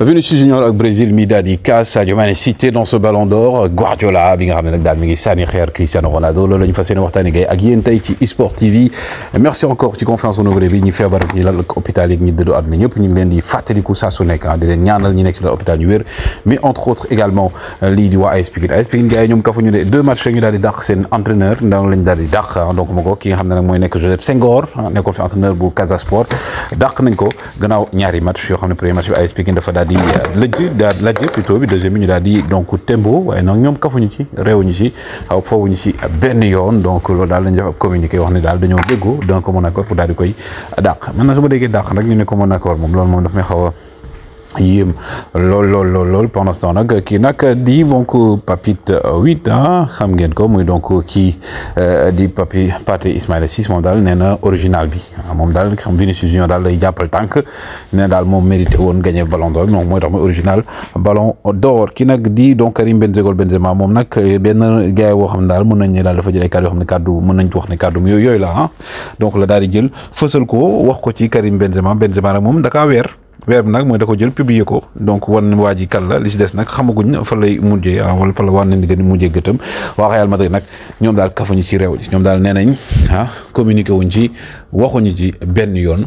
Vinicius Junior avec Brésil mi daal di Sadio Mané cité dans ce ballon d'or Guardiola bi nga xam ne mi ngi sànni xeer Cristiano Ronaldo loolu la ñu fas yéene waxtaanee gay ak yéen tey ci iSport TV merci encore tu confiance renouvelée bi ñi feebar ak ñi lal ak hôpital yi ñi dëddu àdduna ñëpp ñu ngi leen di fàttaliku saa su nekk ah di ñaanal ñi nekk ci lal ñu wér mais entre autres également euh, lii di waa AS Pikine AS Pikine gars yi ñoom kafuñu ne deux matchs rek ñu daal di dàq seen entraîneur ndaw lañ daal di dàq ah, donc ma ko ki nga xam ne nag mooy nekk Joseph Senghor ah, nekkoon fi entraîneur bu Casa Sport dàq nañ ko gannaaw ñaari match yoo xam premier match bi AS Pikine dafa daal di euh, lajj daal lajj plutôt bi deuxième bi ñu daal di donc tembo waaye nag ñoom kafuñu ci réewuñu ci aw fawuñu ci benn yoon donc loolu daal lañu def ab communiqué wax ne daal dañoo déggoo donc commun accord pour daal di koy dàq maintenant su ma déggee dàq nag ñu ne commun accord moom loolu moom daf may xaw a Yim, lol, lol, lol, lol, pendant ce temps-là, qui n'a que dit, bon, papite euh, 8, hein, Khamgen ko, moi, donc, qui, euh, dit, papi, pate Ismail 6, mom dal, n'est original, bi, mom dal, comme Vinicius Junior, dal, il y tank, n'est dal, mom mérité, won gagner ballon d'or, donc, moy donc, original, ballon d'or, qui nak dit, donc, Karim Benzegol, Benzema, mom nak, ben, gars, wo xam dal, mën nañ dal, faut dire, cadeau ham, kadou, mon n'a dit, kadou, yo, yoy là, hein, ah. donc, le dal, di jël seul ko, wax ko, Karim Benzema, Benzema, ka d'accord, weer bi nag mooy da ko jël publier ko donc wan waa ji kan la li si des nag xamaguñ fa lay mujjee ah, wala fa la wan ne ni gën mujjee gëtëm waa ma Madrid nag ñoom daal kafuñu ci réew ji ñoom daal nee nañ ah, communiqué wuñ ci waxuñu ci benn yoon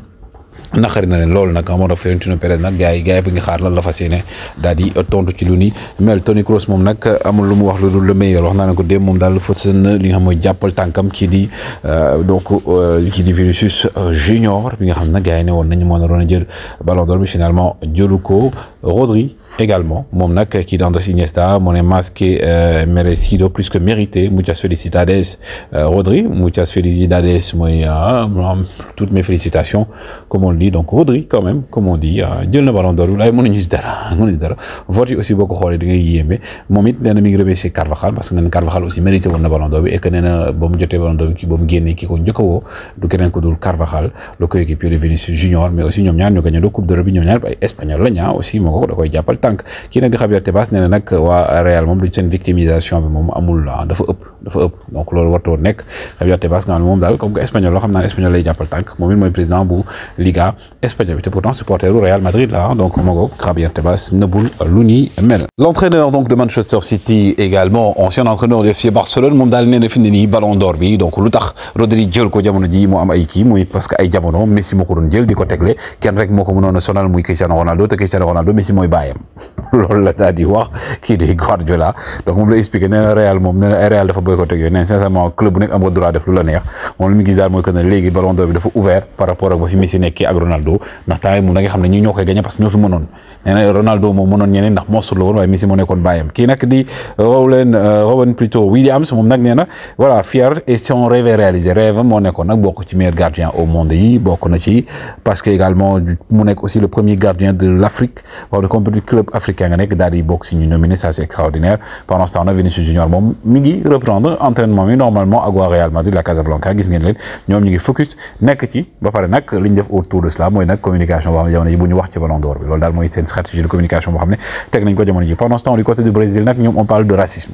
naqari na leen loolu nag moo tax Florentino Pérez nag gars yi gars yi bu ngi xaar lan la fas yéene daal di tontu ci lu ni mel Toni Kroos moom nag amul lu mu wax lu dul le meilleur wax naa ne ko démb moom daal fësal na li nga xam mooy jàppal tànkam ci di euh, donc euh, ci di Vinicius euh, Junior bi nga xam ne gars yi ne woon nañu moo naroon a jël ballon d'or bi finalement jëlu ko Rodri également moom nag kii danda Iniesta mu ne masqué euh, merecido plus que mérité muchas felicidades euh, Rodri muchas felicidades moi euh, toutes mes félicitations comme on dit donc Rodri quand même comme on dit Dieu le ballon d'or là mënuñu si dara mënuñu si dara vote aussi beaucoup de xoolee da ngay yéeme moom it nee na remercier Carvajal parce que nee Carvajal aussi mérité le ballon d'or et que nee na bon mu jotee ballon d'or bi ba mu génnee ki ko njëkk est woo du keneen ko dul Carvajal le coéquipier de Vinicius Junior mais aussi ñoom ñaar ñoo gagné do coupe de bi ñoom ñaar ay espagnol la ñaa ah, aussi moo ko da koy tànk kii nag di Javier Tebas nee nak wa Real mom duñ sen victimisation bi mom amul ah, dafa ëpp dafa ëpp donc lolu warut nek nekk Javier Tebas nga mom dal comme que espagnol lo xamna espagnol lay jappal tank moom moy président bu Liga espagnol te pourtant supporter u Real Madrid la ah, donc moo ko Javier Tebas ne lu ni mel. L'entraîneur donc de Manchester City également ancien entraîneur du FC Barcelone mom dal nee na fi Ballon d'Or bi donc lutax Rodri jël ko jamono ji mo am ay ki moy parce que ay jamono Messi moko ko doon diko di tegle kenn rek moko ko sonal moy Cristiano Ronaldo te Cristiano Ronaldo Messi moy bayam loolu la daal di wax kii di Guardiola donc moom la expliqué nee na Real moom nee na Real dafa boycotté ak yooyu nee na sincèrement club bu nekk am droit def lu la neex moom li mu gis daal mooy que ne léegi ballon d'or bi dafa ouvert par rapport ak ba fi Messi nekkee ak Ronaldo ndax temps yi moom da nga xam ne ñi ñoo koy gagné parce que ñoo fi mënoon nee na Ronaldo moom mënoon ñeneen ndax sur la woon waaye Messi moo nekkoon bàyyam kii nag di Rowan euh, Rowan euh, plutôt Williams moom nag nee na voilà fier et son rêve réalisé rêve moo nekkoon nag bokk ci meilleur gardien au monde yi bokk na ci parce que également mu nekk aussi le premier gardien de l'Afrique wax de comme club africain nga nek dal di bokk si ñu nominé ça c'est extraordinaire pendant ce temps là Vinicius Junior mom mi ngi reprendre entraînement mi normalement ak Real Madrid la Casablanca gis ngeen leen ñoom ñu ngi focus nek ci ba paré nak liñ def autour de cela moy nak communication ba xam ne jamono ñu wax ci ballon d'or bi loolu daal mooy stratégie de communication bo xamné ne nañ ko jëmone ji pendant ce temps du côté du Brésil nak ñom on parle de racisme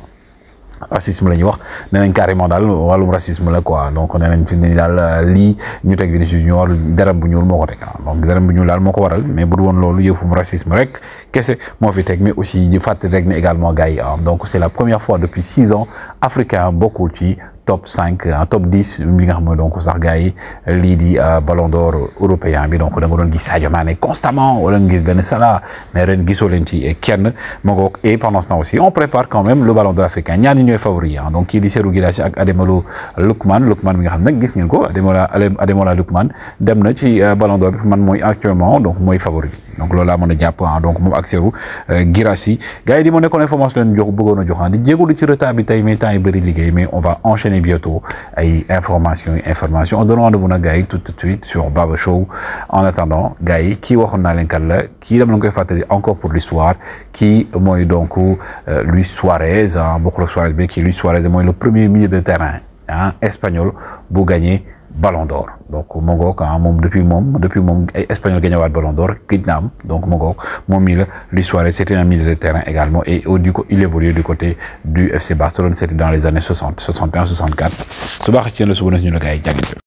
racisme la wax nee nañ carrément dal walum racisme la quoi donc nee nañ fi ne li, euh, lii ñu teg Vinicius Junior dara bu ñuul moo ko ah, donc dara bu ñuul daal moo waral mais bu du lolu loolu yëfum racisme rek kese mo fi teg mais aussi di fatte rek ne également gars ah, donc c'est la première fois depuis six ans africain bokul ci top 5 en euh, top 10 li nga xam donc sax gars li di euh, ballon d'or européen bi donc da nga don gis Sadio Mané constamment wala nga gis benn Salah mais ren gisoo leen ci kenn ma ngoog et pendant ce temps aussi on prépare quand même le ballon d'or africain ñaar ñi favori ah hein. donc kii di Serou Guirassy ak Ademola Lukman Lookman bi nga xam nag gis ngeen ko Ademola Ademola Lookman dem na ci euh, ballon d'or man moy actuellement donc moy favori donc lola laa mën a hein. donc mom ak Serhou Guirassy gars yi di ma nekkoon information len jox bëggoon a jox ah di jégalu ci retard bi tay mais temps yi bëri mais on va enchaîner bioto bientôt information information on donne à vous n'a tout de suite sur Baba Show en attendant gay qui va waxoon len kala qui a encore pour l'histoire qui moi donc euh, Luis Suarez hein, beaucoup le Suarez mais qui Luis Suarez le premier milieu de terrain hein, espagnol pour gagné Ballon d'Or donc au quand même, depuis moom depuis moom espagnol gagné le Ballon d'Or Kidnam, donc Mongo, ngoog Luis c'était un milieu de terrain également et au oh, du il évoluait du côté du FC Barcelone c'était dans les années 60 61 64 Ce bar Christian, le